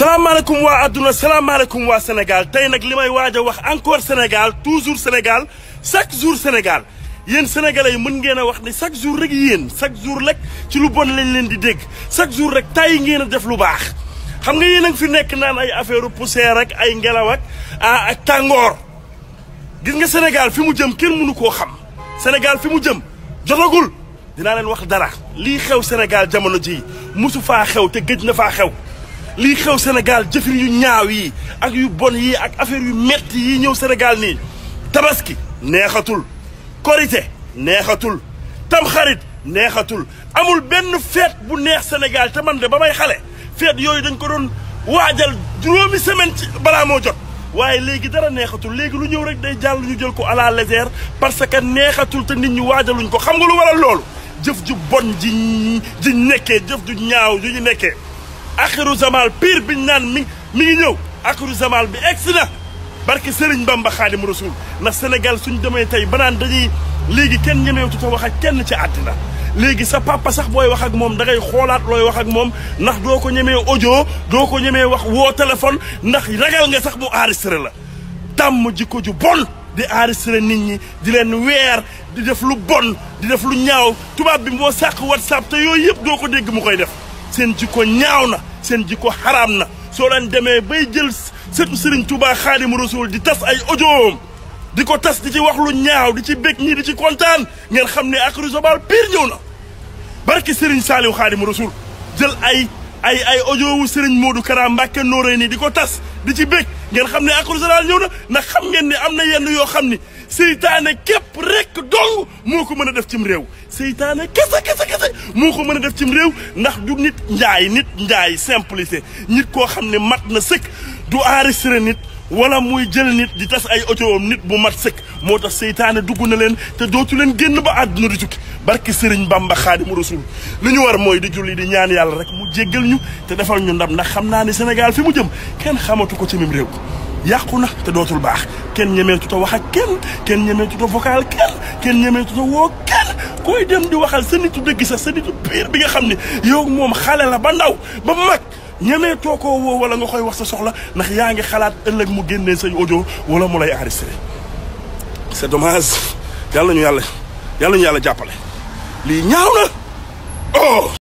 salaamaaleykum waa adduna salaamaaleykum waa Sénégal tey nag li may waaj a wax encore Sénégal toujours Sénégal chaque jour Sénégal yéen sénégalais yi mën ngeen a wax ni chaque jour rek yéen chaque jour rek ci lu bon lañ leen di dégg chaque jour rek tàyyi ngeen a def lu baax. xam nga yéen a fi nekk naan ay affaire poussière ak ay ngelaw ak ah, ak tàngoor gis nga Sénégal fi mu jëm kenn mënu koo xam Sénégal fi mu jëm jotagul dinaa leen wax dara lii xew Sénégal jamono ji mosu faa xew te gëj na faa xew. lii xew Sénégal jëfin yu ñaaw yi ak yu bon yii ak affaire yu metti yi ñëw Sénégal nii tabaski neexatul korite neexatul tamxarit neexatul amul benn feet bu neex senegal te man de ba may xale feet yooyu dañ ko doon waajal juróomi semaine ci balaa moo jot waaye léegi dara neexatul léegi lu ñëw rek day jàll ñu jël ko à la parce que neexatul te nit ñu waajaluñ ko xam nga lu waral loolu jëf ju bon ji ji nekkee jëf ju ñaaw ju ñu nekkee axiru zamal pire biñ naan mi mi ngi ñëw axiru zamal bi egsi na barke Serigne Bamba Xaadim Rasul ndax Sénégal suñ demee tey banaan dañuy léegi kenn ñemeetu ta wax ak kenn ci àddina léegi sa papa sax booy wax ak moom dangay xoolaat looy wax ak moom ndax doo ko ñemee audio doo ko ñemee wax woo téléphone ndax ragal nga sax mu enregistré la tàmm jikko ju bon di enregistré nit ñi di leen weer di def lu bon di def lu ñaaw tubaab bi moo sàq whatsapp te yooyu yëpp doo ko dégg mu koy def seen jikko ñaaw na seen jikko xaraam na soo leen demee bay jël setu Serigne tubaa Xaadimu Rasuul di tas ay audio di ko tas di ci wax lu ñaaw di ci bég ñii di ci kontaan ngeen xam ne Aklu Jobaal pire ñëw na barki Serigne Saliou Xaadimu Rasuul jël ay ay ay audio wu Serigne Modou Kara Mbàkke Noreyni di ko tas di ci bég ngeen xam ne Aklu Jobaal ñëw na ndax xam ngeen ni am na yenn yoo xam ni seytaane képp rek dong moo ko mën a def cim réew seytaane kese kese kese moo ko mën a def cim réew ndax du nit njaay nit njaay simplicité nit koo xam ne mat na sëkk du enregistré nit wala muy jël nit di tas ay oto nit bu mat sëkk moo tax seytaane dugg na leen te doo ci leen génn ba àdduna di tukki barki sëriñ Bamba Xaadimu Rasuul li ñu war mooy di julli di ñaan yàlla rek mu jéggal ñu te defal ñu ndam ndax xam naa ne Sénégal fi mu jëm kenn xamatu ko ci mim réew yàqu na te dootul baax kenn ñemeetut a wax ak kenn kenn ñemeetut a vocal kenn kenn ñemeetut a woo kenn koy dem di waxal sa nitu dëgg sax sa nitu pire bi nga xam ne yow moom xale la ba ndaw ba mag ñemeetoo koo woo wala nga koy wax sa soxla ndax yaa ngi xalaat ëllëg mu génnee say audio wala mu lay enregistré. c'est dommage yàlla ñu yàlla yàlla ñu yàlla jàppale lii ñaaw na oh!